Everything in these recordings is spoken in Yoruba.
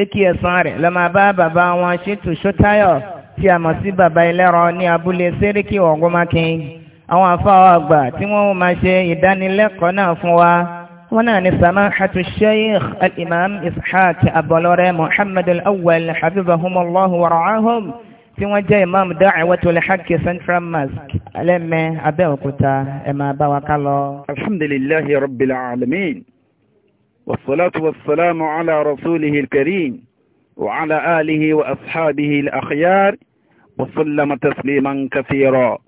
pé kí ẹ̀san rẹ̀ lọ máa bá bàbá wọn ṣètò ṣótáyọ̀ tí a mọ̀ sí bàbá ẹlẹ́rọ ní abúlé séríkì ọ̀gbọ́mákin àwọn afáwọ̀ àgbà tí wọ́n máa ṣe ìdánilẹ́kọ̀ọ́ náà fún wa wọ́n náà ni samahatu sheikh al-imam ishaq abọlọ́rẹ́ muhammad al-awwal habibahumullahu tí wọ́n jẹ́ imam da'watul haqq central mosque alẹ́mẹ́ abẹ́òkúta ẹ̀ máa bá wa ká alhamdulillahi rabbil alamin. والصلاة والسلام على رسوله الكريم وعلى آله وأصحابه الأخيار وسلم تسليما كثيرا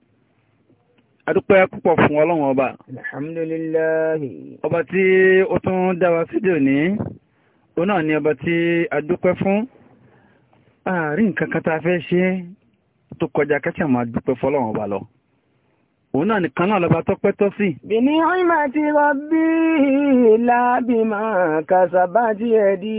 adúpẹ́ púpọ̀ fún ọlọ́run ọba alhamdulillahi ọba tí ó tún dá wa sí dòní náà ni ọba tí adúpẹ́ fún ààrin nǹkan kan fẹ́ ṣe tó kọjá kẹ́sàn máa dúpẹ́ fọ́lọ́run ọba lọ òun náà nìkan náà lọba tó pẹ́tọ́ sí. bí ní ọmọ ti rọ bí lábìmọ̀ kàṣàbájì ẹ̀dí.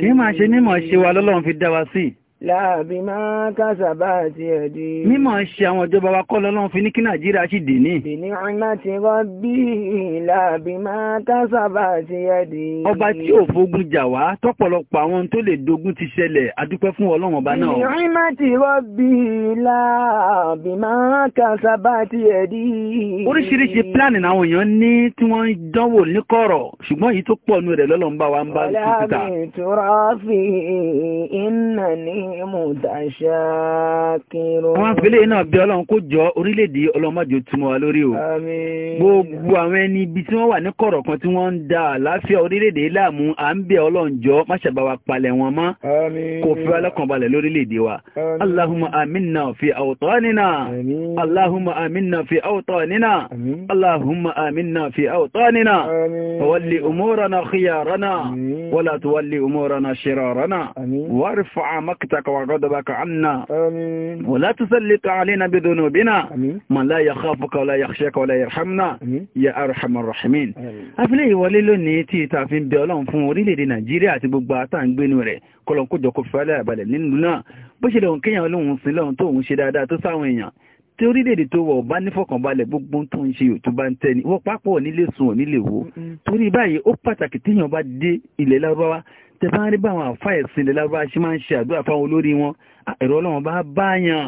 kí máa ṣe nímọ̀ ṣe wa lọ́lọ́run fi dá wa sí láàbí máa kásàbá àti ẹ̀dí. mímọ̀ ṣe àwọn ìjọba wa kọ́ lọ́lọ́run fi ní kí nàìjíríà sì dè ní. dè ní ọ̀nà tí wọ́n bí láàbí máa kásàbá àti ẹ̀dí. ọba tí ò fogun jà wá tọ́pọ̀lọpọ̀ àwọn tó lè dogun ti ṣẹlẹ̀ adúpẹ́ fún ọlọ́run ọba náà. dè ní ọ̀nà tí wọ́n bí láàbí máa kásàbá àti ẹ̀dí. oríṣiríṣi pílánì làwọn èèyàn ní tí wọ́n ń dánwò níkọ̀rọ̀ ṣùgbọ́n èyí àwọn àfẹ́lẹ́ náà bí ọlọ́run kó jọ orílẹ̀-èdè ọlọ́mọdé túmọ̀ wa lórí o. gbogbo àwọn ẹni ibi tí wọ́n wà ní kọ̀rọ̀ kan tí wọ́n ń da àlàáfíà orílẹ̀-èdè láàmú à ń bẹ̀ ọlọ́run jọ má palẹ̀ wọn mọ́. kò fi ọlọ́kàn lórílẹ̀-èdè wa. allahumma aminna fi awtanina. allahumma aminna fi fi awtanina. wawalli umurana khiyarana. wala tuwalli umurana shirarana. warfa سخطك وغضبك عنا آمين ولا تسلط علينا بذنوبنا من لا يخافك ولا يخشاك ولا يرحمنا يا أرحم الراحمين afilé ìwọlé lónìí tí ìta fi ń bẹ ọlọ́run fún orílẹ̀-èdè nàìjíríà àti gbogbo àtàǹgbénu rẹ̀ kọlọ̀kójọ kò fẹ́lẹ̀ àbàlẹ̀ nínú náà bó ṣe lòun kéèyàn lóhun sí lọ́hun tóun ṣe dáadáa tó sáwọn èèyàn tí orílẹ̀-èdè tó wọ̀ bá nífọ̀kànbalẹ̀ gbogbo tó ń ṣe òtún bá ń tẹ́ni wọ́n pápọ̀ nílé sùn ò nílé wo torí báyìí ó pàtàkì téèyàn bá dé ilẹ̀ lárúbáwá tẹ bá ń rí báwọn àfa ẹ̀sìn ilẹ̀ lárúbáwá ṣe máa ń ṣe àdúrà fáwọn olórí wọn ẹ̀rọ ọlọ́run bá báyàn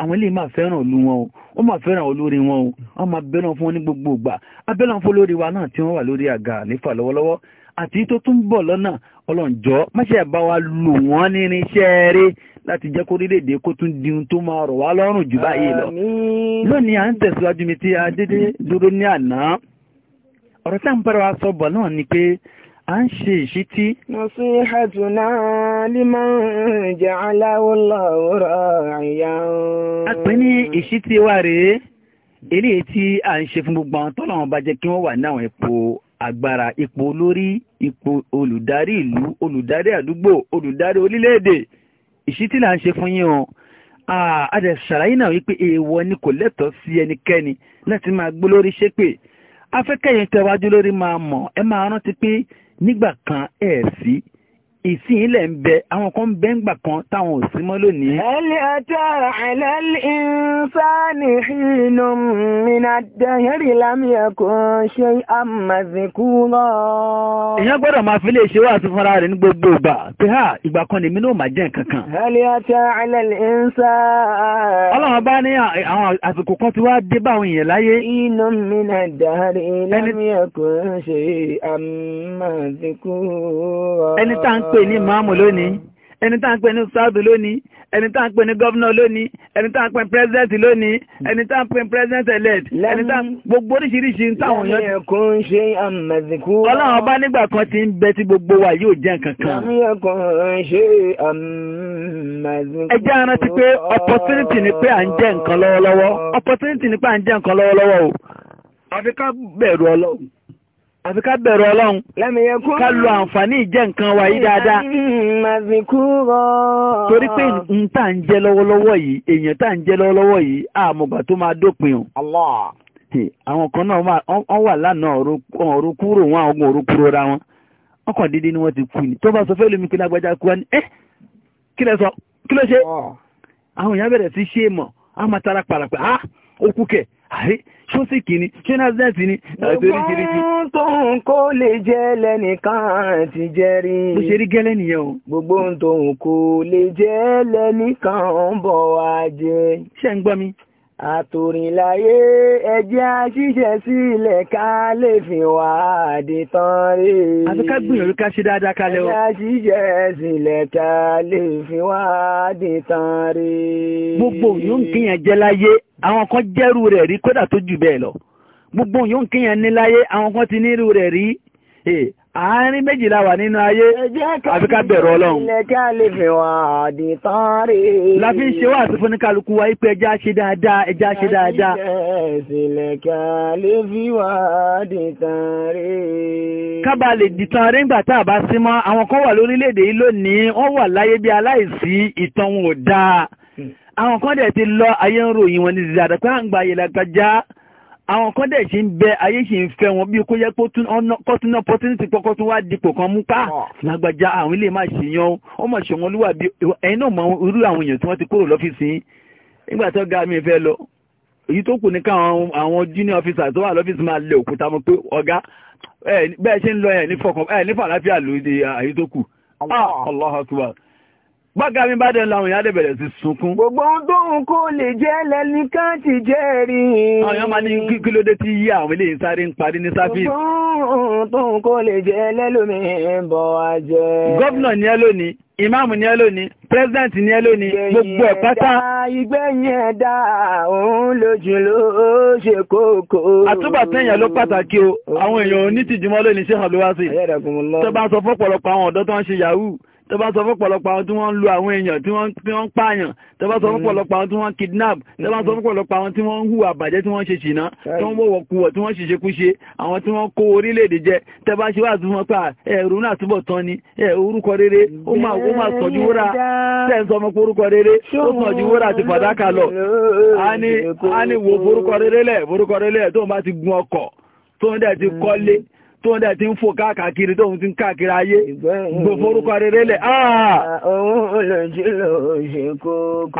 àwọn ilé máa fẹ́ràn olú wọn o ó máa fẹ́ràn olórí wọn o wọ́n máa bẹ́ràn fún wọn ní gbogbo ìgbà abẹ́ràn fún olórí wa náà tí wọ́n wà lórí àga nífà lọ́wọ́lọ́wọ́ àti tó tún bọ̀ lọ́nà ọlọ́njọ́ máṣẹ́ bá wa lò wọ́n nínú iṣẹ́ rẹ̀ láti jẹ́ kó orílẹ̀-èdè kó tún di ohun tó máa rọ̀ wá lọ́rùn jù báyìí lọ. lónìí à ń tẹ̀síwájú mi tí adédé dúró ní àná ọ̀rọ̀ tá à ń bára wa sọ bọ̀ náà ni pé a ń ṣe ìṣítí. nasihatuna liman ja'alahu Allahu ra'iyan. a pè ní ìṣítí wa rèé eléyìí tí a ń ṣe fún gbogbo àwọn tọ́lọ́wọ́n Agbara ipò olórí ipò olùdarí ìlú olùdarí àdúgbò olùdarí orílẹ̀-èdè ìṣítí là ń ṣe fún yín o àdẹ̀ ṣàlàyé náà wípé èèwọ̀ ni kò lẹ́tọ̀ọ́ sí ẹnikẹ́ni láti máa gbó lórí ṣépè afẹ́kẹ́yìn tẹwájú lórí máa mọ̀ ẹ máa rántí pé nígbà kan ẹ̀ẹ́sì ìsìn ilẹ̀ ń bẹ àwọn kan bẹ́ ń gbà kan táwọn ò sí mọ́ lónìí. ẹlẹ́ ọjọ́ àìlẹ́lẹ́ ìsáni ìnú mina dẹ́yẹ́rì lámìẹ̀ kò ṣe àmàzìkú lọ. èèyàn gbọ́dọ̀ máa fi lè ṣe wá fúnra rẹ̀ ní gbogbo ìgbà pé ha ìgbà kan lèmi náà máa jẹ́ nǹkan ẹlẹ́ ọjọ́ àìlẹ́lẹ́ ìsá. ọlọ́run bá ní àwọn àsìkò kan tí wàá dé báwọn èèyàn láyé. ìnú mina dẹ́yẹ́rì pè ní máàmù lónìí ẹni tá ń pè ní sáàdù lónìí ẹni tá ń pè ní gọ́vnà lónìí ẹni tá ń pè president lónìí ẹni tá ń pè president elect ẹni tá gbogbo oríṣiríṣi táwọn yọ. lẹ́yìn kò ń ṣe àmàzìkú. ọlọ́run ọba nígbà kan ti ń bẹ tí gbogbo wa yóò jẹ́ nǹkan kan. lẹ́yìn kò ń ṣe àmàzìkú. ẹ ara ti pé opportunity ni pé à ń jẹ́ nǹkan lọ́wọ́lọ́wọ́ opportunity ni pé à ń jẹ́ nǹkan lọ́wọ́lọ́wọ́ o àfi bẹ̀rù ọlọ́run àfi ká bẹ̀rù ọlọ́run ká lo àǹfààní ìjẹ́ nǹkan wa yìí dáadáa torí pé n tà ń jẹ lọ́wọ́lọ́wọ́ yìí èèyàn tà ń jẹ lọ́wọ́lọ́wọ́ yìí àmọ̀gbà tó máa dópin o àwọn kan náà wọ́n wà lánàá ọ̀rọ̀ kúrò wọn àwọn ọ̀rọ̀ kúrò ra wọn wọ́n dídí ni wọ́n ti kú ni tó bá sọ fẹ́ lómi kí lágbájá kú wọn ẹ́ eh, kí lẹ sọ kí ló ṣe àwọn èèyàn bẹ̀rẹ̀ sí ṣe mọ̀ ṣúsìkì ni ṣé násdẹ̀sì ni àti oríṣiríṣi. gbogbo tó ń kó lè jẹ́ lẹ́nìkan ti jẹ́ rí. bó ṣe rí gẹ́lẹ́ nìyẹn o. gbogbo tó ń kó lè jẹ́ lẹ́nìkan bọ̀ wá jẹ. ṣé ń gbọ́ mi àtòrìnláyé ẹjẹ́ àṣìṣẹ́ sílẹ̀ ká lè fi wà àdì tán rí. àti ká gbìyànjú ká ṣe dáadáa kalẹ̀ o. ẹjẹ́ àṣìṣẹ́ sílẹ̀ ká lè fi wà àdì tán rí. gbogbo yóò ń kíyàn jẹ́ láyé àwọn kan jẹ́rù rẹ̀ rí kódà tó jù bẹ́ẹ̀ lọ gbogbo yóò ń kíyàn ní láyé àwọn kan ti nírú rẹ̀ rí àárín méjìlá wà nínú ayé àfi ká bẹ̀rù ọlọ́run la fi ń ṣe wá àti fúnni kálukú wa ipé ẹjá ṣe dáadáa ẹjá ṣe dáadáa kábà lè dìtàn rí ńgbà tá sí mọ́ àwọn kan wà lórílẹ̀‐èdè yìí lónìí wọ́n wà láyé bí aláìsí ìtàn ò dáa hmm. àwọn kan dẹ̀ ti lọ ayé ń ròyìn wọn ní zidane pé à àwọn kan dẹ̀ ṣe ń bẹ ayé ṣe ń fẹ́ wọn bí kó yẹ kó tún ná opportunity pọ́kọ́ tún wá dipò kan mú pa ah. lágbàjá àwọn ilé máa ṣe yan ó mọ̀ ṣe wọn lúwà bí ẹ̀yin náà mọ irú àwọn èèyàn tí wọ́n ti kúrò lọ́fíìsì nígbà tó ga mi fẹ́ lọ èyí tó kù ní káwọn àwọn junior officers tó wà lọ́fíìsì máa lé òkúta mọ́ pé ọ̀gá bẹ́ẹ̀ ṣe ń lọ ẹ̀ ní fọkàn ẹ̀ ní fàlàfíà lóde àyè tó kù Allah ah, akbar Bága mi bá dẹ̀ láwọn ìyá dẹ̀bẹ̀rẹ̀ sí sunkún. Gbogbo ohun tó ń kó lè jẹ́ lẹ́nìkan ti jẹ́ rí. Àwọn èèyàn máa ní kí ló dé tí yí àwọn ilé ìsáré ń parí ní sáfíìsì. Gbogbo ohun tó ń kó lè jẹ́ lẹ́lómi ń bọ̀ wá jẹ́. Gọ́vnà ni ẹ lónìí, ìmáàmù ni ẹ lónìí, president ni ẹ lónìí, gbogbo ẹ̀ pátá. Ìgbẹ̀yìn ẹ̀dá òun lójú ló ṣe kókó. Àtúbàtán ló pàtàkì tó bá sọ fún pọ̀lọpọ̀ àwọn tí wọ́n ń lu àwọn èèyàn tí wọ́n ń pààyàn tó bá sọ fún mm. pọ̀lọpọ̀ àwọn tí wọ́n kidnap tó bá sọ fún pọ̀lọpọ̀ àwọn tí wọ́n ń hùwà bàjẹ́ tí wọ́n ń ṣe ṣìnà tí wọ́n ń wọ̀wọ̀ kúwọ̀ tí wọ́n ń ṣiṣẹ́ kúṣe àwọn tí wọ́n kó orílẹ̀-èdè jẹ tẹ́ bá ṣe wà tún wọn pa ẹ̀rù náà túbọ̀ tán ni orúkọ rere ó máa sọ̀jú wúrà sọ tó ń dẹ̀ ti ń fò káàkiri tó ń ti ń káàkiri ayé gbòforúkọ rere lẹ̀ ah!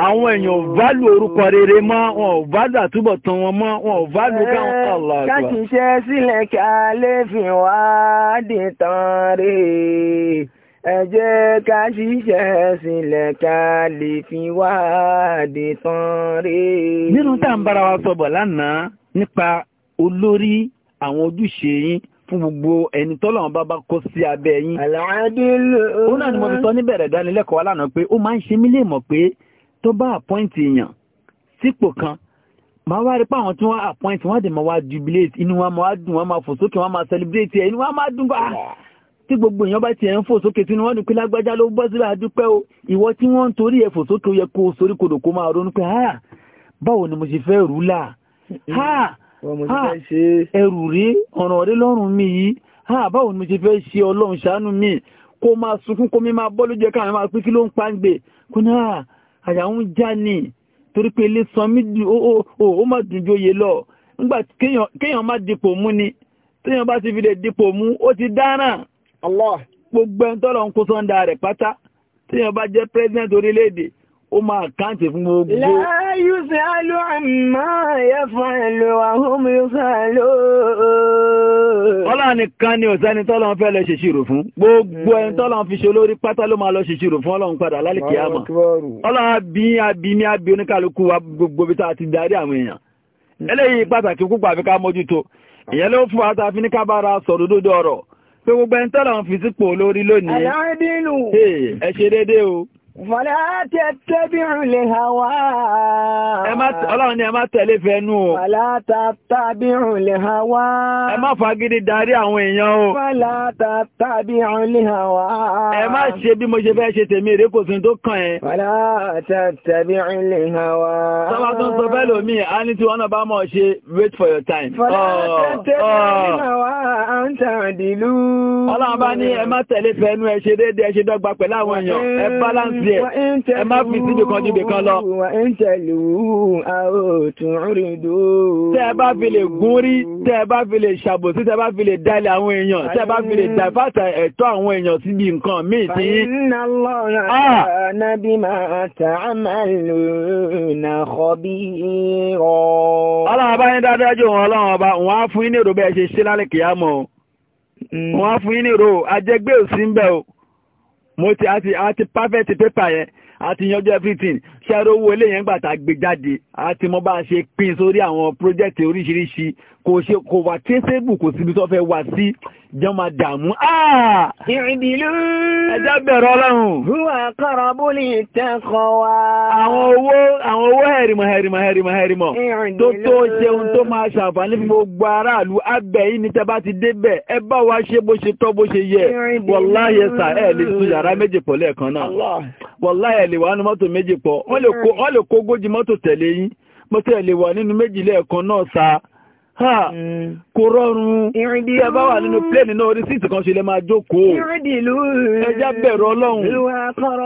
àwọn èèyàn ò orúkọ rere mọ́ wọn ò tán wọn mọ́ wọn ò eh, káwọn ọ̀là sílẹ̀ kí a lè fi wá tán rè ẹ jẹ́ ká ṣiṣẹ́ sílẹ̀ ká lè fi tán rè. nínú tá à ń bára wa lánàá nípa olórí àwọn ojúṣe yín fún gbogbo ẹni tọ́lọ́run bá bá kó sí abẹ́ yín. àlàádìlú. ó náà ni mo fi sọ níbẹ̀rẹ̀ dánilẹ́kọ̀ọ́ lánàá pé ó máa ń ṣe mí lè mọ̀ pé tó bá àpọ́ìntì èèyàn sípò kan máa wá rí pé àwọn tí wọ́n àpọ́ìntì wọ́n á dẹ̀ máa wá jubilate inú wọn máa dùn wọ́n máa fò sókè wọ́n máa celebrate ẹ̀ inú wọn máa dùn bá tí gbogbo èèyàn bá tiẹ̀ ń fò sókè tí wọ́n dùn pé lágbájá ló bọ́ sílẹ̀ àdúpẹ́ o ìwọ tí wọ́n ń torí ẹ̀ fò sókè ó yẹ kó soríkodò kó máa ronú pé báwo ni mo ṣe fẹ́ rú là Ah, ẹrù rí ọ̀ràn ọ̀rẹ́ lọ́rùn mi yìí ah, báwo ni mo ṣe fẹ́ ṣe ọlọ́run ṣàánú mi kó máa sunkún kó mi máa bọ́ lójú ẹ̀ka àwọn máa pín kí ló ń pa ń gbè kó ní ah, àyà ń já ni torí pé ilé san mí ó má dùn jóye lọ nígbà kéèyàn má dipò mú ni téèyàn bá ti fi lè dipò mú ó ti dáràn gbogbo ẹni tọ́lọ̀ ń kó sọ́ńdà rẹ̀ pátá téèyàn bá jẹ́ president orílẹ̀-èdè ó máa káǹtì fún gbogbo يسأل عما يفعل وهم يسألون Ọlá nìkan ni òsẹ́ni tọ́lọ́n fẹ́ lọ ṣèṣirò fún. Gbogbo ẹni tọ́lọ́n fi ṣe olórí pátá ló máa lọ ṣèṣirò fún Ọlọ́run padà lálẹ́kì àmà. Ọlá bí abí ní abí oníkàlùkù wa gbogbo bí tá ti darí àwọn èèyàn. Eléyìí pàtàkì púpọ̀ àfi ká mójútó. Ìyẹn ló fún wa tá a fi Fọ́lá tẹ́tẹ́bí rúlé hawa. Ọlọ́run ni ẹ má tẹ̀lé fẹ́nu o. Fọ́lá tàbí rúlé hawa. Ẹ má fagídí darí àwọn èèyàn o. Fọ́lá tàbí rúlé hawa. Ẹ má ṣe bí mo ṣe fẹ́ ṣe tèmi èrè kò sun tó kàn ẹ. Fọ́lá tàbí rúlé hawa. Sọ́lá tó ń sọ fẹ́ lómi, a ní tí wọ́n náà bá mọ̀ ṣe wait for your time. Fọ́lá tẹ́tẹ́bí rúlé hawa, à ń tàn dìlú. Ọlọ́run bá ní ẹ má tẹ̀lé fẹ́nu ẹ ṣe déédéé ẹ ṣe dọ́gba pẹ̀lú àwọn èèyàn. Ẹ balance use ẹ̀ ẹ má fi síbi kan ju ibìkan lọ. tẹ́ ẹ bá fi lè gún rí tẹ́ ẹ bá fi lè ṣàbòsí tẹ́ ẹ bá fi lè dalẹ̀ àwọn èèyàn tẹ́ ẹ bá fi lè dàfàtà ẹ̀tọ́ àwọn èèyàn síbi nǹkan míì tí. Ah! ọlọ́run bá yín dáadáa jù wọn ọlọ́run ọba wọn á fún yín ní èrò bẹ́ẹ̀ ṣe ṣe lálẹ́ kìyàmọ́ mm. wọn á fún yín ní èrò ajẹgbẹ́ òsínbẹ́ o mo ti àti àti perfect paper yẹn àti yanjú everything ṣẹ́rọ owó eléyẹn gbà tá a gbé jáde àti mo bá a ṣe pín sórí àwọn pírójẹ́tì oríṣiríṣi kò ṣe kò wà tẹ́sẹ̀bù kò síbi tó fẹ́ wá sí jẹ́ máa dààmú. Ah! ìrìndìlú ẹjẹ́ bẹ̀rẹ̀ ọlọ́run. huwa aqrabu littaqwa. àwọn owó àwọn owó hẹ̀rìmọ̀ hẹ̀rìmọ̀ hẹ̀rìmọ̀ hẹ̀rìmọ̀ tó tó ṣeun tó máa ṣàǹfààní fún gbogbo aráàlú abẹ yìí ni tẹ́bá ti débẹ̀ ẹ bá wa ṣe bó ṣe tọ́ bó ṣe yẹ wọ́láyẹsà ẹ̀ lè tún yàrá méjì pọ̀ lẹ́ẹ̀kan náà wọ́láyẹ̀ lè wà á nu mọ́tò méjì pọ̀ wọ́n lè kó ogójì mọ́tò tẹ̀lé yín mọ́tò ẹ̀ lè wà nínú méjì náà sa kò rọrùn ìrìndí ẹ bá wà nínú plẹ́ẹ̀nì náà orí síìtì kan ṣe lè máa jókòó ẹjá bẹ̀rù ọlọ́run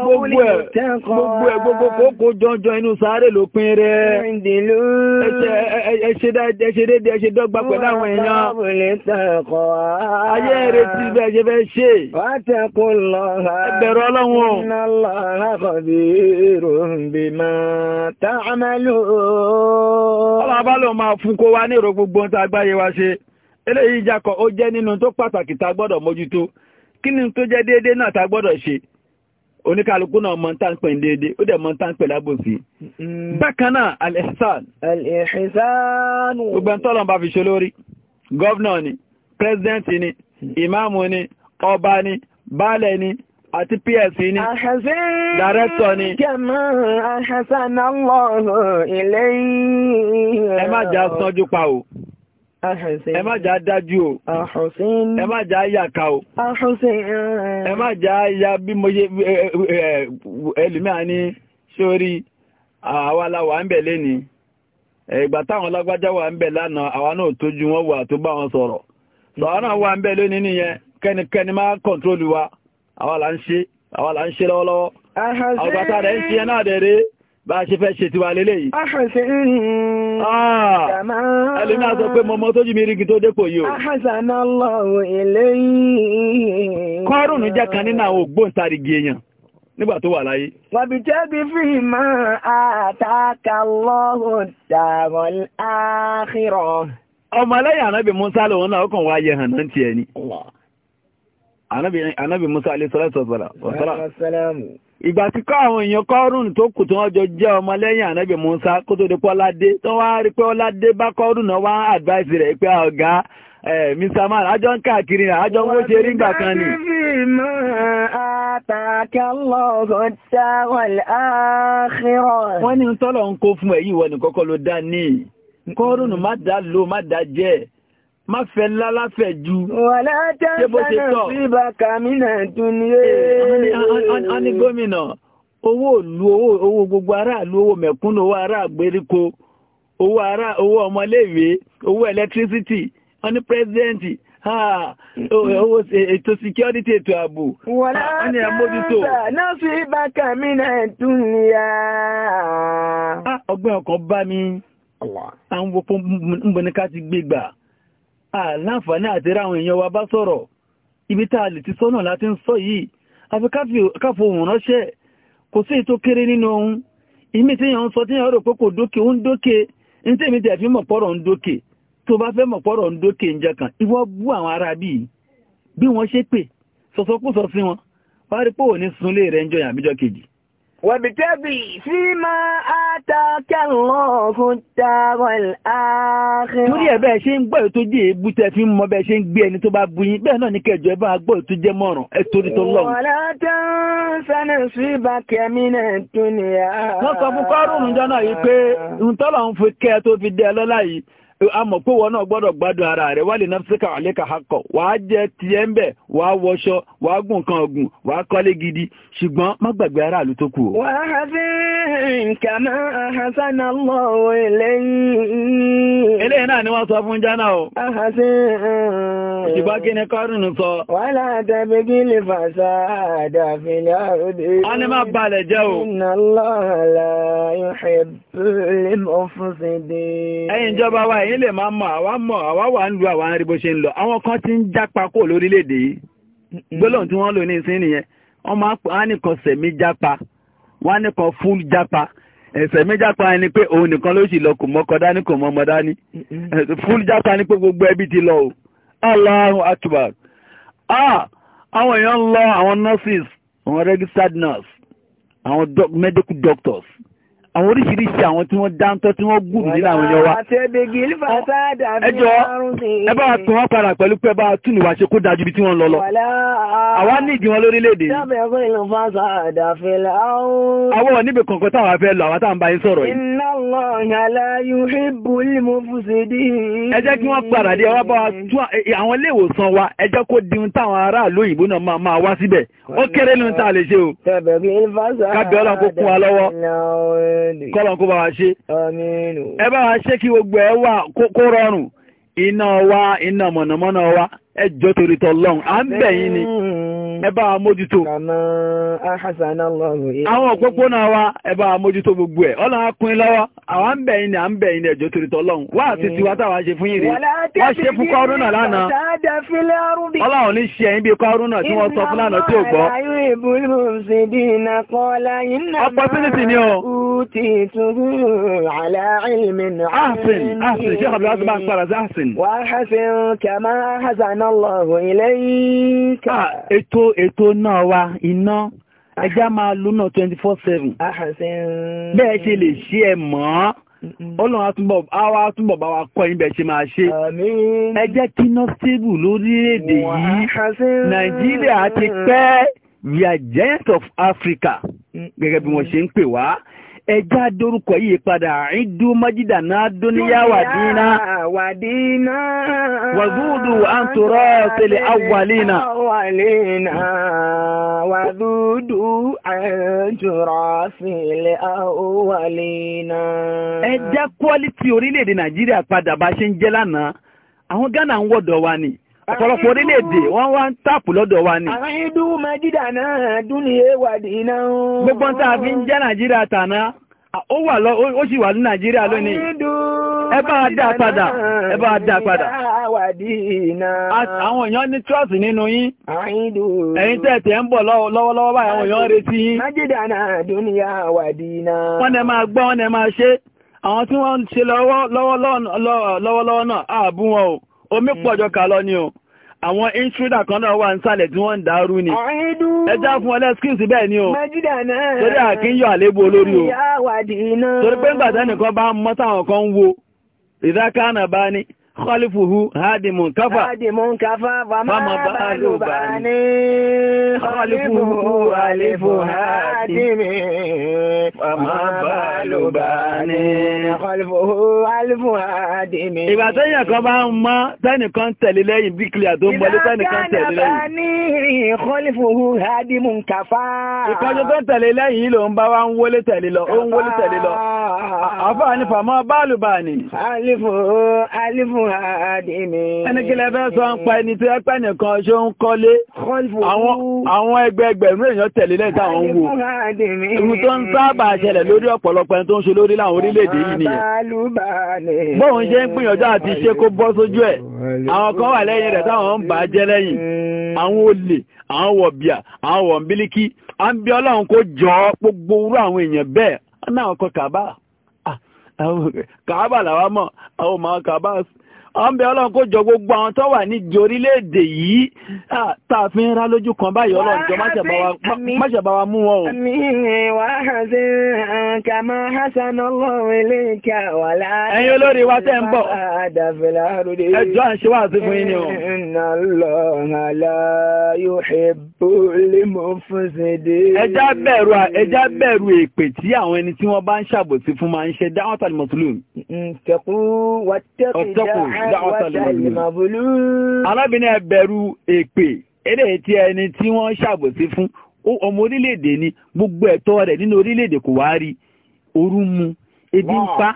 gbogbo ẹ̀ gbogbo ẹ̀ gbogbo kókó jọjọ inú sáré ló pín rẹ̀ ẹṣẹ́ dédé ẹṣẹ́ dọ́gba pẹ̀lú àwọn èèyàn ayé ẹ̀rẹ́ tí bẹ́ẹ̀ ṣe fẹ́ ṣe ẹbẹ̀rù ọlọ́run ọlọ́run bá lọ máa fún kó wá ní ìrò gbogbo ń ta agbáyé wa ṣe eléyìí jakọ̀ ó jẹ́ nínú tó pàtàkì tá gbọ́dọ̀ mójútó kí ni tó jẹ́ déédéé náà tá gbọ́dọ̀ ṣe oníkàlùkù náà mọ̀ tá ń pè déédéé ó dẹ̀ mọ̀ tá ń pè lábòsí. bákan náà al-ihsan. al-ihsan. gbogbo ntọ́lọ̀ bá fi ṣe lórí gọ́vnà ni president ni ìmáàmù ni ọba ni baálẹ̀ ni àti ps ni dàrẹ́tọ̀ ni kẹmọ́ ahasana Allahu ilayhi ẹ má jà sanjú pa o. Ahùsìn. Ẹ má jà dájú o. Ẹ má jà yà o. Ẹ má jà yà bí mo yé ẹlùmíà ní sórí àwa la wà ń bẹ̀ lénìí. Ìgbà táwọn lágbájá wà ń bẹ̀ lánàá, àwa náà tójú wọn wà tó bá wọn sọrọ Sọ̀rọ̀ náà wà ń nìyẹn, wa, àwa là ń ṣe, àwa là ń ṣe ń ṣe náà bá ṣe fẹ́ ṣe ti wà lélẹ̀ yìí. Ahàṣẹ́ ìrìnkàmá. Ah, Ẹlùmí àsọ pé mọmọ tó jí mi rí kí tó dépò yìí o. Ahàṣàná lọ́wọ́ ilé yìí. Kọ́rùn jẹ́ kan nínú àwọn ògbóǹtarìgì èèyàn nígbà tó wà láyé. Wàbíjẹ́ bí fi mọ́ àtàkà lọ́hùn dàrọ̀ áhìrọ̀. Ọmọ Musa lòun náà ó kàn wá yẹ ìgbà tí kọ́ àwọn èèyàn kọ́rùn tó kù tí wọ́n jọ jẹ́ ọmọ lẹ́yìn ànábì Musa kó tó di pé ọládé tó wá rí pé ọládé bá kọ́rùn wá advice rẹ̀ pé ọ̀gá Mr. Man àjọ ń káàkiri àjọ ni. wọ́n ní ń kó fún ló dá ní má fẹ́ lálàfẹ́ ju ṣe bó ṣe tọ́. Eh, a ní gómìnà owó ìlú owó gbogbo aráàlú owó mẹ̀kúnnù owó ará àgbèríko owó ará owó ọmọléèwé owó ẹlẹtírísítì wọ́n ní pírẹ́sidẹ́ǹtì owó ètò síkírọ́tì ètò ààbò wọ́n ní àmójútó. náà fi mí náà tún ní a. ọgbẹ́ ọkàn bá mi àwọn gbogbo ń bọ̀ ní ká ti àláǹfààní àti ráwọn èèyàn wa bá sọ̀rọ̀ ibi tá a lè ti sọ́nà láti ń sọ yìí àfi káfò òun ránṣẹ́ kò sí ètò kéré nínú ohun ìmí tí yàn ń sọ tí yàn rò pé kò dókè ó ń dókè ní tí èmi tẹ̀ fi mọ̀ ń dókè tó bá fẹ́ mọ̀ ń dókè ń jẹ kan ìwọ bú àwọn ará bíi bí wọ́n ṣe pè sọ̀sọ́kúsọ sí wọn wá rí pé òní sunlé rẹ̀ ń jọyàn àbíjọ kejì وابتغي فيما آتاك الله الدار الآخرة torí ẹ̀ bẹ́ẹ̀ ṣe ń gbọ́ ètò jẹ́ èébú tẹ́ fi ń mọ bẹ́ẹ̀ ṣe ń gbé ẹni tó bá bu yín bẹ́ẹ̀ náà ní kẹjọ ẹ bá gbọ́ ètò jẹ́ mọ̀ràn ẹ torí tó lọ́wọ́. àmọ̀ pé wọn náà gbọ́dọ̀ gbádùn ara rẹ̀ wálé nafsika kọ̀ wà á jẹ tiẹ̀ ń bẹ̀ wàá wọṣọ gùn kan ọ̀gùn á kọ́lé gidi ṣùgbọ́n má gbàgbé aráàlú tó kù. wa ahsin kama ahsana eléyìí náà ni wọ́n sọ fún jana o. ṣùgbọ́n kí ni kọ́rùn sọ. wọ́n ní má balẹ̀ jẹ́ o. ẹ̀yin lè máa mọ̀ àwa mọ̀ àwa wà ń lu àwa ń rí bó ṣe ń lọ àwọn kan ti ń jápa kó lórílẹ̀‐èdè yìí gbólóhùn tí wọ́n lò ní ìsín nìyẹn wọ́n máa pọ̀ á nìkan sẹ̀mí jápa wọ́n á nìkan fún jápa ẹ̀sẹ̀mí jápa ni pé òun nìkan ló sì lọ kò mọ́kọ dání kò mọ́mọ dání fún jápa ni pé gbogbo ẹbí ti lọ o Allahu akbar ah àwọn èèyàn ń lọ àwọn nurses àwọn registered nurse àwọn medical doctors àwọn oríṣiríṣi àwọn tí wọ́n dáńtọ́ tí wọ́n gbùrù nínú àwọn èèyàn wa. ẹjọ́ ẹ bá tún wọ́n padà pẹ̀lú pé bá tún ìwà ṣe kó dájú bí tí wọ́n lọ lọ. àwa ní ìdí wọn lórílẹ̀‐èdè. àwọn ò níbi kankan táwọn afẹ́ lọ àwọn táwọn bá yín sọ̀rọ̀ yìí. ẹ jẹ́ kí wọ́n padà dé àwọn iléèwòsàn wa ẹ jẹ́ kó di táwọn aráàlú òyìnbó náà máa wá síbẹ̀. ó kéré nínú tá a lè ṣe o kábí ọlọ́run kún wa lọ́wọ́ kọ́lọ́n kó bá wa ṣe ẹ bá wa ṣe kí gbogbo ẹ wà kó rọrùn iná wa iná mọ̀nàmọ́ná wa. ẹjọ́ torí tọ́lọ́run à ń bẹ̀ yín ni ẹ bá wa mójútó. àwọn òpópónà wa ẹ bá wa mójútó gbogbo ẹ̀ ọ̀là akun lọ́wọ́ àwa ń bẹ̀ yín ni à ń bẹ̀ yín ni ẹjọ́ torí wá táwa ṣe fún yìí rè wá ṣe fún lánàá ọlọ́run ní ṣe ẹ̀yìn bíi tí wọ́n sọ fún lánàá tí ò gbọ́. o. ṣé bá ń sí Allahu ilayka. Ah, ètò ètò náà wa iná ẹjá máa lónà 24/7 bẹ́ẹ̀ ṣe lè ṣí ẹ mọ́ ọlọ́run àtúbọ̀ àwọn àtúbọ̀ bá wa kọ́ ibẹ̀ ṣe máa ṣe ẹ jẹ́ kí iná stable lórílẹ̀‐èdè yìí nàìjíríà ti pẹ́ we are of Africa gẹ́gẹ́ bí wọ́n ṣe ń pè wá ẹjá dórúkọ yìí padà ìdú májídà náà dúníyà wàdínà wàdínà wàdúdù àǹtòrọ tẹlẹ awàlínà awàlínà wàdúdù àǹtòrọ tẹlẹ awàlínà. ẹjá kwálítì orílẹ̀-èdè nàìjíríà padà bá ṣe ń jẹ́ lánàá àwọn ghana ń wọ̀dọ̀ wa ni. ọ̀pọ̀lọpọ̀ orílẹ̀-èdè wọ́n wá ń tàpù lọ́dọ̀ wa ni. àwọn idú mẹ́jìdà náà dún ní èwàdí o gbogbo ń tàà fi ń jẹ́ nàìjíríà tàná ó wà lọ ó sì wà ní nàìjíríà lónìí. ẹ bá padà ẹ bá àwọn èèyàn ní nínú yín. ń báyìí àwọn èèyàn retí yín. náà dún ní wọ́n omi mm. pọ̀jọ kà lọ ni o àwọn intruder kan náà wà ń sàlẹ̀ tí wọ́n ń dàrú ni ẹjá fún ọlẹ́skins bẹ́ẹ̀ ni o torí àkíyọ àlébò olórí o torí pé ńgbà tẹ́nìkan bá ń mọ́ táwọn kan ń wo ìdákánà bá ní khalifuhu hadimun kafa hadimun kafa fama baalu bani khalifuhu خلفها هادمي وما بال باني خلفه ألف هادمي ìgbà tẹ́yìn kan bá ń mọ́ tẹ́nìkan tẹ̀lé lẹ́yìn bí kílíà tó ń bọ́lé tẹ́nìkan tẹ̀lé lẹ́yìn. ìlànà ní خلفه هادم كفى. ìkọjú tó tẹ̀lé lẹ́yìn yìí ló ń bá wa ń wọlé tẹ̀lé lọ ó ń wọlé tẹ̀lé lọ. àfáà ní fàmọ́ báàlù bàní. alifu alifu hadimi. ẹni kí lẹ fẹ́ sọ ń pa ẹni tí ẹ pẹ́ tẹ̀lé lẹ́ta àwọn wo irun tó ń sábà ṣẹlẹ̀ lórí ọ̀pọ̀lọpọ̀ ẹni tó ń ṣe lórí láwọn orílẹ̀-èdè yìí nìyẹn bóun ṣe ń gbìyànjú àti ṣe kó bọ́ sójú ẹ̀ àwọn kan wà lẹ́yìn rẹ̀ táwọn ń bà á jẹ́ lẹ́yìn àwọn olè àwọn wọ̀bìà àwọn wọ̀nbílíkì à ń bí ọlọ́run kó jọ gbogbo orú àwọn èèyàn bẹ́ẹ̀ ọ̀n bẹ ọlọ́run kó jọ gbogbo àwọn tó wà nídìí orílẹ̀-èdè yìí tá a lójú kan báyìí ọlọ́run jọ má wa mú wọn o. mi olórí wa tẹ́ ń bọ̀ ẹjọ́ à ń sí fún yín ni o. bẹ̀rù èpè tí àwọn ẹni tí wọ́n bá ń ṣàbòsí fún máa ń ṣe dáhùn tàbí mọ̀túlùmí. دعوة المظلوم arábìnrin ẹbẹ̀rù èpè eré tí ẹni tí wọ́n ṣàbòsí fún ọmọ orílẹ̀-èdè ni gbogbo ẹ̀tọ́ rẹ̀ nínú orílẹ̀ kò wá rí orú mu ebi ń pa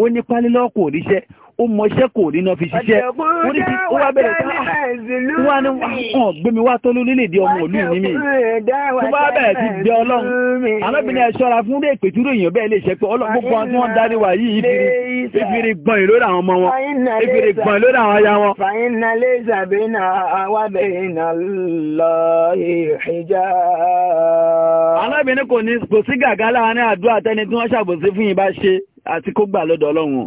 ó ní pálílọ́ọ̀kù òríṣẹ́ ó mọṣẹ́ kò nínú fi ṣiṣẹ́ wọ́n ti ó wá bẹ̀rẹ̀ sí wọ́n ní ah, wọ́n gbé mi wá tólú lílèdè ọmọ òlú ní mi tó bá bẹ̀rẹ̀ sí bẹ ọlọ́run alábìnrin ẹ̀ṣọ́ra fún ilé ìpè èèyàn bẹ́ẹ̀ lè ṣe pé gbogbo àwọn tí wọ́n darí wà yìí ìfiri gbọ̀n lórí àwọn ọmọ wọn ìfiri gbọ̀n lórí àwọn aya wọn. fàyínà lè sàbínà kò sí gàgá láàárín àdúrà tẹni tí wọ́n ṣàbòsí fún yín bá ṣe àti kó gbà lọ́dọ̀ ọlọ́run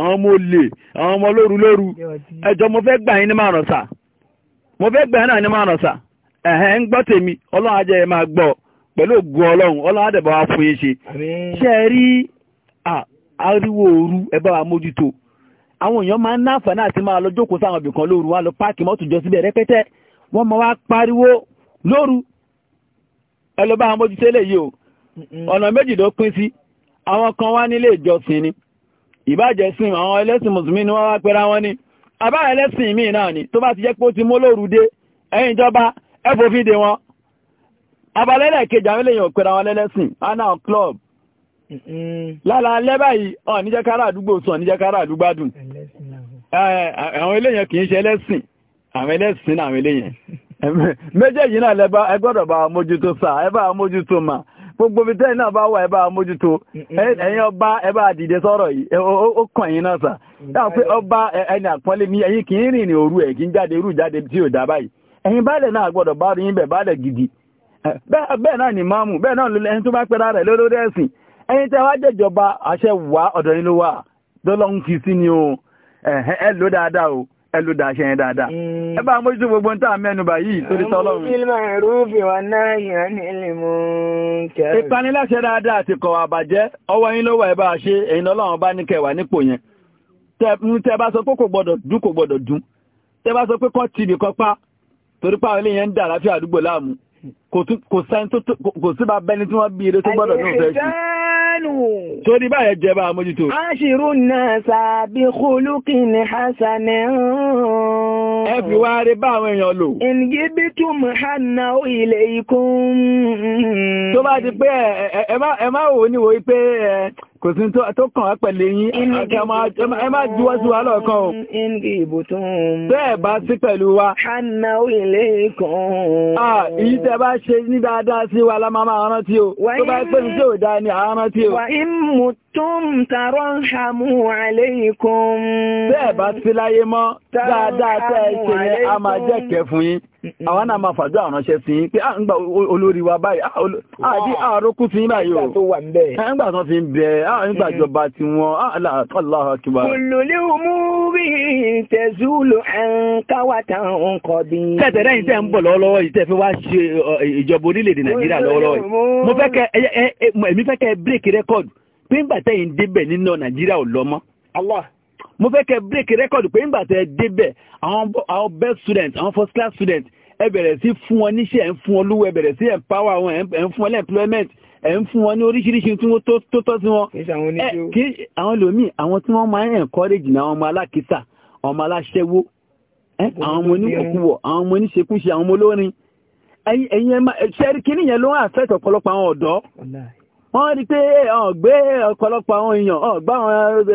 àwọn ọmọ olè àwọn ọmọ lóru lóru ẹjọ́ mo fẹ́ gbà yín ní ẹ̀hẹ́ ń gbọ́ tèmi ọlọ́run ajẹ́ pẹ̀lú ògùn ọlọ́run ọlọ́run àdẹ̀bọ̀ wa fún yín ṣe ṣe é rí ariwo ooru ẹ wa àwọn èèyàn máa ń náà máa lọ jókòó sáwọn kan lóru wa lọ páàkì mọ́tò jọ síbẹ̀ rẹpẹtẹ wọ́n máa wá lóru wa mójútó ọ̀nà méjì ìbájẹ̀sìn àwọn ẹlẹ́sìn mùsùlùmí ni wọ́n wá pẹ́ra wọn ni àbá ẹlẹ́sìn míì náà ni tó bá ti jẹ́ pé ó ti mólóòrù dé ẹ̀yin ìjọba ẹ wọn abalẹ́lẹ̀ kejì àwọn eléyàn pẹ́ra wọn lẹ́lẹ́sìn club lára lẹ́bà yìí ọ̀ níjẹ́ kára àdúgbò sàn níjẹ́ kára àdúgbàdùn àwọn eléyàn kì í ṣe ẹlẹ́sìn àwọn ẹlẹ́sìn àwọn eléyàn méjèèjì náà lẹ́gbọ́dọ̀ bá mójútó sáà ẹ gbogbo bí tẹ́yìn náà bá wà ẹ mójútó ẹ̀yin ọba ẹ bá sọ̀rọ̀ yìí ó kàn yín náà sà ọba ẹni àpọ́nlé mi ẹ̀yin kì í rìn ní òru ẹ̀ kì í jáde irú jáde tí ò dá báyìí ẹ̀yin baálẹ̀ náà gbọ́dọ̀ gidi bẹ́ẹ̀ náà ni máàmù bẹ́ẹ̀ náà ẹni tó bá ẹ̀sìn wà ọ̀dọ̀ yín ló ẹlú dáṣẹ́ yẹn dáadáa. Mm. ẹ bá mójútó gbogbo ń tà mẹ́nubà yìí torí tọ́lọ́run. ìpaniláṣẹ dáadáa àti kọ̀ àbàjẹ́ ọwọ́ yín ló wà ẹ bá ṣe èyí lọ́lọ́run bá ní kẹwàá nípò yẹn. tẹ bá sọ pé kò gbọdọ̀ dún kò gbọdọ̀ dún tẹ bá sọ pé kọ́ tìbì kọ́ pa torí pàwọn eléyẹn ń dà láfíà àdúgbò láàmú kò sí bá bẹni tí wọ́n bí eré tó gbọdọ̀ ní òfẹ́ sí àmánù. tó ní báyẹ̀ jẹba àmójútó. aṣírù náà sàbí kúlùkì ní hasanẹ̀ ẹ fi wá rí bá àwọn èèyàn lò. ìngíbí tún hànà ilé ikú. tó bá ti pé ẹ má wò níwò pé kò sí tó kàn á pẹ̀lú yín ẹ má juwọ́ sí wa lọ́ọ̀kan o. bẹ́ẹ̀ bá sí pẹ̀lú wa. hanáwó tẹ bá ṣe ní dáadáa sí wa la máa máa o tó bá pè tí ò dáa ni àá rántí o tún tàrọ hàmú àléìkún. Bẹ́ẹ̀ bá sí láyé mọ́, dáadáa tẹ́ ẹ ṣe yẹn, a máa jẹ́ kẹ́ fún yín. Àwọn náà máa fàdúrà ránṣẹ́ sí yín pé à ń gba olórí wa báyìí, ah, àbí ah, àrókù sí yín báyìí o. Nígbà tó fi ah, ń bẹ, nígbà ìjọba ti wọn, Allahu akbar. Kùlùlé òmùrí tẹ̀súlù àǹkáwàtà nǹkan bí. Tẹ̀tẹ̀rẹ́ yìí tẹ́ ń bọ̀ lọ́wọ́lọ́wọ́ yìí tẹ́ fi wá ṣe ìjọba orílẹ̀-èdè Nàìjíríà lọ́wọ́lọ́wọ́ yìí. Mo fẹ́ kẹ́ ẹ̀mí fẹ́ kẹ́ pé ńgbà tẹ́yìn débẹ̀ nínú nàìjíríà ò lọ́mọ́ Allah mo fẹ́ kẹ́ break record pé ńgbà tẹ́ débẹ̀ àwọn best students àwọn first class students ẹ bẹ̀rẹ̀ sí fún wọn níṣẹ́ ẹ̀ ń fún wọn lówó ẹ bẹ̀rẹ̀ sí empower wọn ẹ̀ ń fún wọn employment ẹ̀ ń fún wọn ní oríṣiríṣi tí wọ́n tó tọ́ sí wọn. kí àwọn lòmíì àwọn tí wọ́n máa ń encourage ní àwọn ọmọ alákìísà ọmọ aláṣẹ́wó àwọn ọmọ oníwòkúwọ̀ àwọn ọmọ oníṣekúṣe àwọn ọmọ olórin ẹ̀yin ẹ̀yin ṣẹ́rí kí nìyẹn ló ń àfẹ́tọ̀ ọ̀pọ̀lọpọ̀ àwọn ọ̀dọ́ wọ́n rí pé ọ̀gbé ọ̀pọ̀lọpọ̀ àwọn èèyàn ọ̀gbá àwọn ètò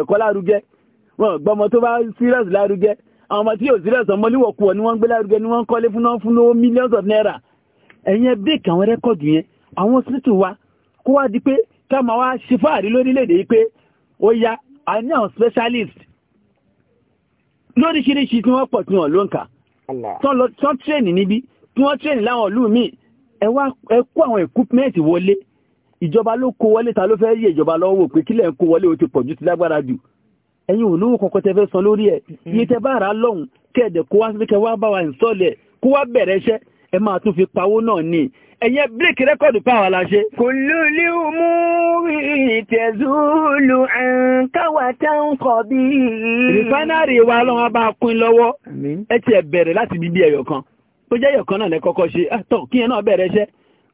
ẹ̀kọ́ lárugẹ wọn gbọ́ ọmọ tó bá serious lárugẹ àwọn ọmọ tí yóò serious ọmọ níwọ̀kuwọ̀ ni wọ́n ń gbé lárugẹ ni wọ́n ń kọ́lé fún fún lówó millions of naira ẹ̀yìn bíkì àwọn rẹ́kọ̀dù yẹn àwọn síìtù wa kó wá di pé ká máa wá ṣe fáàrí lórílẹ̀‐èdè yìí pé ó ya a specialist lóríṣiríṣi tí wọ́n pọ̀ tí wọ́n ló ń kà tán tírẹ̀nì níbi tí wọ́n tírẹ̀nì láwọn ìlú míì ẹ wá ẹ kó àwọn equipment wọlé ìjọba ló kó wọlé ta ló fẹ́ yí ìjọba lọ́wọ́ pé kílẹ̀ ń kó wọlé o ti pọ̀ ju ti lágbára jù ẹ̀yin ò lówó kankan tẹ fẹ́ san lórí ẹ̀ iye tẹ bá rà lọ́hùn kẹ́ẹ̀dẹ̀ kó wá sí kẹ́ bá wa ìsọ̀lẹ̀ kó wá bẹ̀rẹ̀ iṣẹ́ ẹ máa tún fi pawó náà ní ẹ̀yẹ bíríkì rẹ́kọ̀dù páwà la ṣe. kò ló lé mú ìtẹ̀zúlù àǹkáwà tá ń kọ̀ bí. rìfánárì wa lọ́wọ́ bá kún lọ́wọ́ ẹ ti bẹ̀rẹ̀ láti bíbí ẹ̀yọ̀ kan tó jẹ́ ẹ̀yọ̀ kan náà lẹ́kọ́kọ́ ṣe ah, tán kí náà bẹ̀rẹ̀ iṣẹ́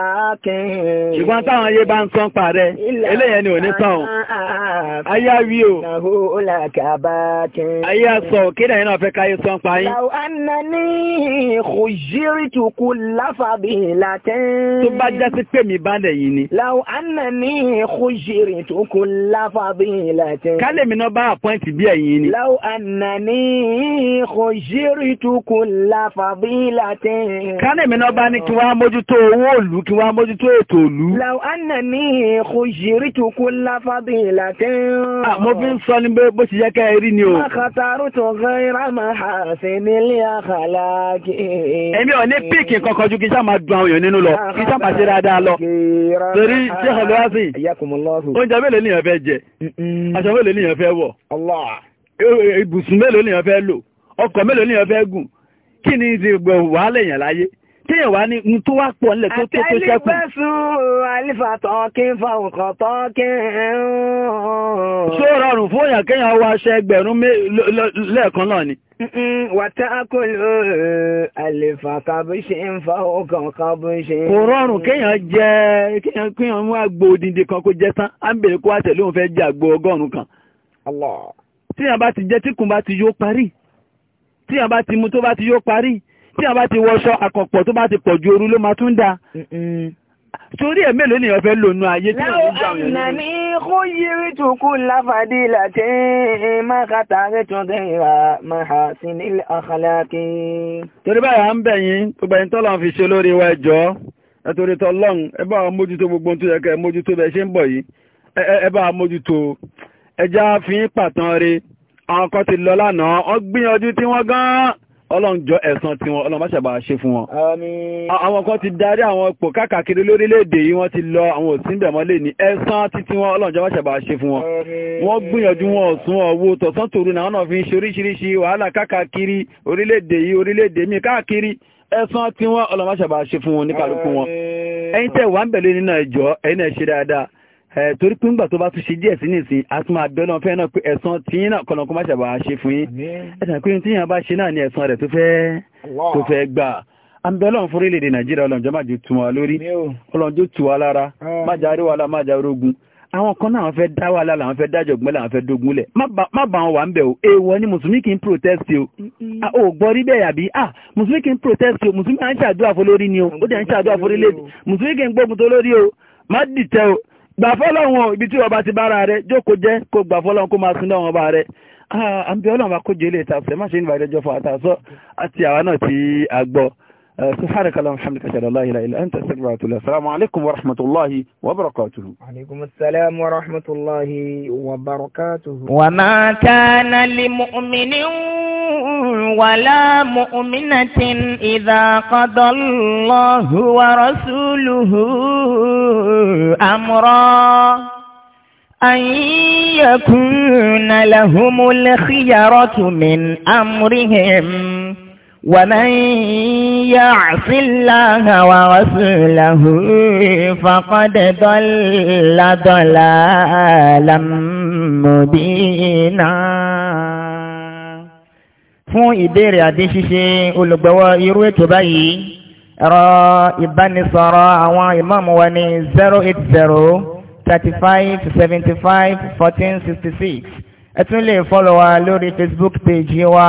ààkìn. ṣùgbọ́n táwọn ayé bá ń sán parẹ́ eléyẹn ni ò ní sàn o ayé àwí o ayé àsọ kéde yẹn náà fẹ́ káyé sán pa yín. làwọn àna ní kò yírí tukú láfàbí látẹ́. tó bá jásí pé mi bá lẹ̀ yìí ni. làwọn àna ní kò yírí tukú láfàbí látẹ́. kálẹ̀ mi náà bá àpọ́ǹtì bí ẹ̀yìn ni. làwọn àna ní kò yírí tukú láfàbí látẹ́. kálẹ̀ mi náà bá ní kí wọ́n á mójútó owó òlù k kí wá mójútó ètò òlú. làwọn àna ní kò ṣeré tó kó láfàbí ìlàtẹ́. mo fi ń sọ ní bó ṣe yẹ ká ẹ rí ni o. àkàtàrú tó gẹ́rà máa hà sí nílé àkàlà kí. èmi ò ní píìkì kankan ju kí sá máa dun àwọn èèyàn nínú lọ kí sá máa ṣe dáadáa lọ. torí ṣé ọ̀lọ́ wá sí. oúnjẹ mélòó nìyẹn fẹ́ jẹ aṣọ mélòó nìyẹn fẹ́ wọ̀ e, e, ibùsùn mélòó nìyẹn fẹ́ lò ọkọ̀ mélòó nìyẹn fẹ́ gùn kí ni ti gbọ̀ wàhálẹ̀ yẹn láyé téèyàn wá ní n tó wá pọ̀ nílẹ̀ tó tó tó ṣẹ́kù. àtẹlifẹ̀sùn àlìfàtọ̀ kí n fa nǹkan tọ́ kí n. ṣó rọrùn fún èèyàn kéèyàn wá aṣọ ẹgbẹ̀rún lẹ́ẹ̀kan náà ni. wàtá kòló àlìfà kàbí ṣe ń fa ọkàn kàbí ṣe. kò rọrùn kéèyàn jẹ kéèyàn kéèyàn mú àgbo odindi kan kó jẹ tán á ń bèrè kó wá tẹ̀lé òun fẹ́ jẹ àgbo ọgọ́rùn-ún kan. tíyàn bá ti jẹ tíkùn bá ti yó parí tíyàn bá ti mu tó bá ti yó parí tí a bá ti wọṣọ àkànpọ̀ tó bá ti pọ̀ ju ooru ló máa tún dáa torí ẹ̀ mélòó nìyàn fẹ́ lónú ayé tí wọ́n ń gbà wọ́n lónú. ní kó yiri tukú láfàdí láti máa ka tààrí tún gẹ̀yà máa ha sí nílẹ̀ àkàlákì. torí báyà ń bẹ̀ yín gbogbo ẹni tọ́lọ́ fi ṣe lórí wa ẹjọ́ ẹ tọ́lọ́n ẹ bá wa mójútó gbogbo tó yẹ ká mójútó bẹ́ẹ̀ ṣe ń bọ̀ yìí ẹ bá wa mójútó ẹja fi pàtàn re àwọn kan ti lọ lánàá wọ́n gbìyànjú tí wọ́n gan-an ọlọ́njọ́ ẹ̀san tí wọn ọlọ́mọ ṣẹ̀bà ṣe fún wọn. àwọn kan ti darí àwọn ipò káàkiri lórílẹ̀‐èdè yìí wọ́n ti lọ àwọn òsínbẹ̀mọ́lẹ̀ ní ẹ̀san títí wọn ọlọ́njọ́ ṣẹ̀bà ṣe fún wọn. wọ́n gbìyànjú wọn ọ̀sùn ọ̀wọ́ tọ̀sán tòru náà náà fi ń ṣe oríṣiríṣi wàhálà káàkiri orílẹ̀‐èdè yìí orílẹ̀‐èdè míì káàkiri ẹ̀san tí wọn ọlọ́mọ ṣe fún wọn ní kálukú wọn. ẹ̀yin tẹ́ wà ń bẹ̀lẹ́ nínú ẹ̀jọ́ ẹ̀yin náà ṣe dáadáa torí pé ńgbà tó bá tún ṣe díẹ̀ sí nìsín a tún máa bẹ́ náà fẹ́ náà pé ẹ̀san tí náà kọlọ̀kọ́ má ṣàbà ṣe fún yín ẹ̀sàn pé tí yàn bá ṣe náà ni ẹ̀san rẹ̀ tó fẹ́ gbà àbẹ̀lọ́n fún orílẹ̀-èdè nàìjíríà ọlọ́njọ́ má jẹ́ tù wá lórí ọlọ́njọ́ tù wá lára ah. má jẹ́ àríwá má jẹ́ orógun àwọn kan náà fẹ́ dá wà lára àwọn fẹ́ dájọ́ gbọ́n láwọn fẹ́ dógun lẹ̀ má bá wọn wà ń bẹ̀ o èèwọ̀ ni mùsùlùmí kì í protest o ò gbọ́ rí bẹ́ẹ̀ àbí ah mùsùlùmí kì í protest o mùsùlùmí à ń ṣàdúrà fún lórí ni o ó dẹ̀ ń ṣàdúrà fún orílẹ̀-èdè mùsùlùmí kì í gbógun tó lórí o má dìtẹ̀ o gbà fọ́lọ́hun ibi tí ọba ti bára rẹ jókòó jẹ́ kó gbà fọ́lọ́hun kó máa sin lọ́wọ́n ọba rẹ ah, àbí ọlọ́run bá ilé ìtàsẹ̀ má ṣe ń fún àtàsọ́ àti àwa náà ti àgbọ̀ آه، سبحانك اللهم وبحمدك اشهد ان لا اله الا انت استغفرك واتوب السلام عليكم ورحمه الله وبركاته وعليكم السلام ورحمه الله وبركاته وما كان لمؤمن ولا مؤمنة إذا قضى الله ورسوله أمرا أن يكون لهم الخيرة من أمرهم ومن يعص الله ورسوله فقد ضل ضلالا مبينا fún ìbéèrè àti olùgbọ́wọ́ irú ètò báyìí ẹ̀rọ ìbánisọ̀rọ̀ àwọn ìmáàmù wa ní 080 35 75 14 66 lè fọ́lọ̀ lórí Facebook page wa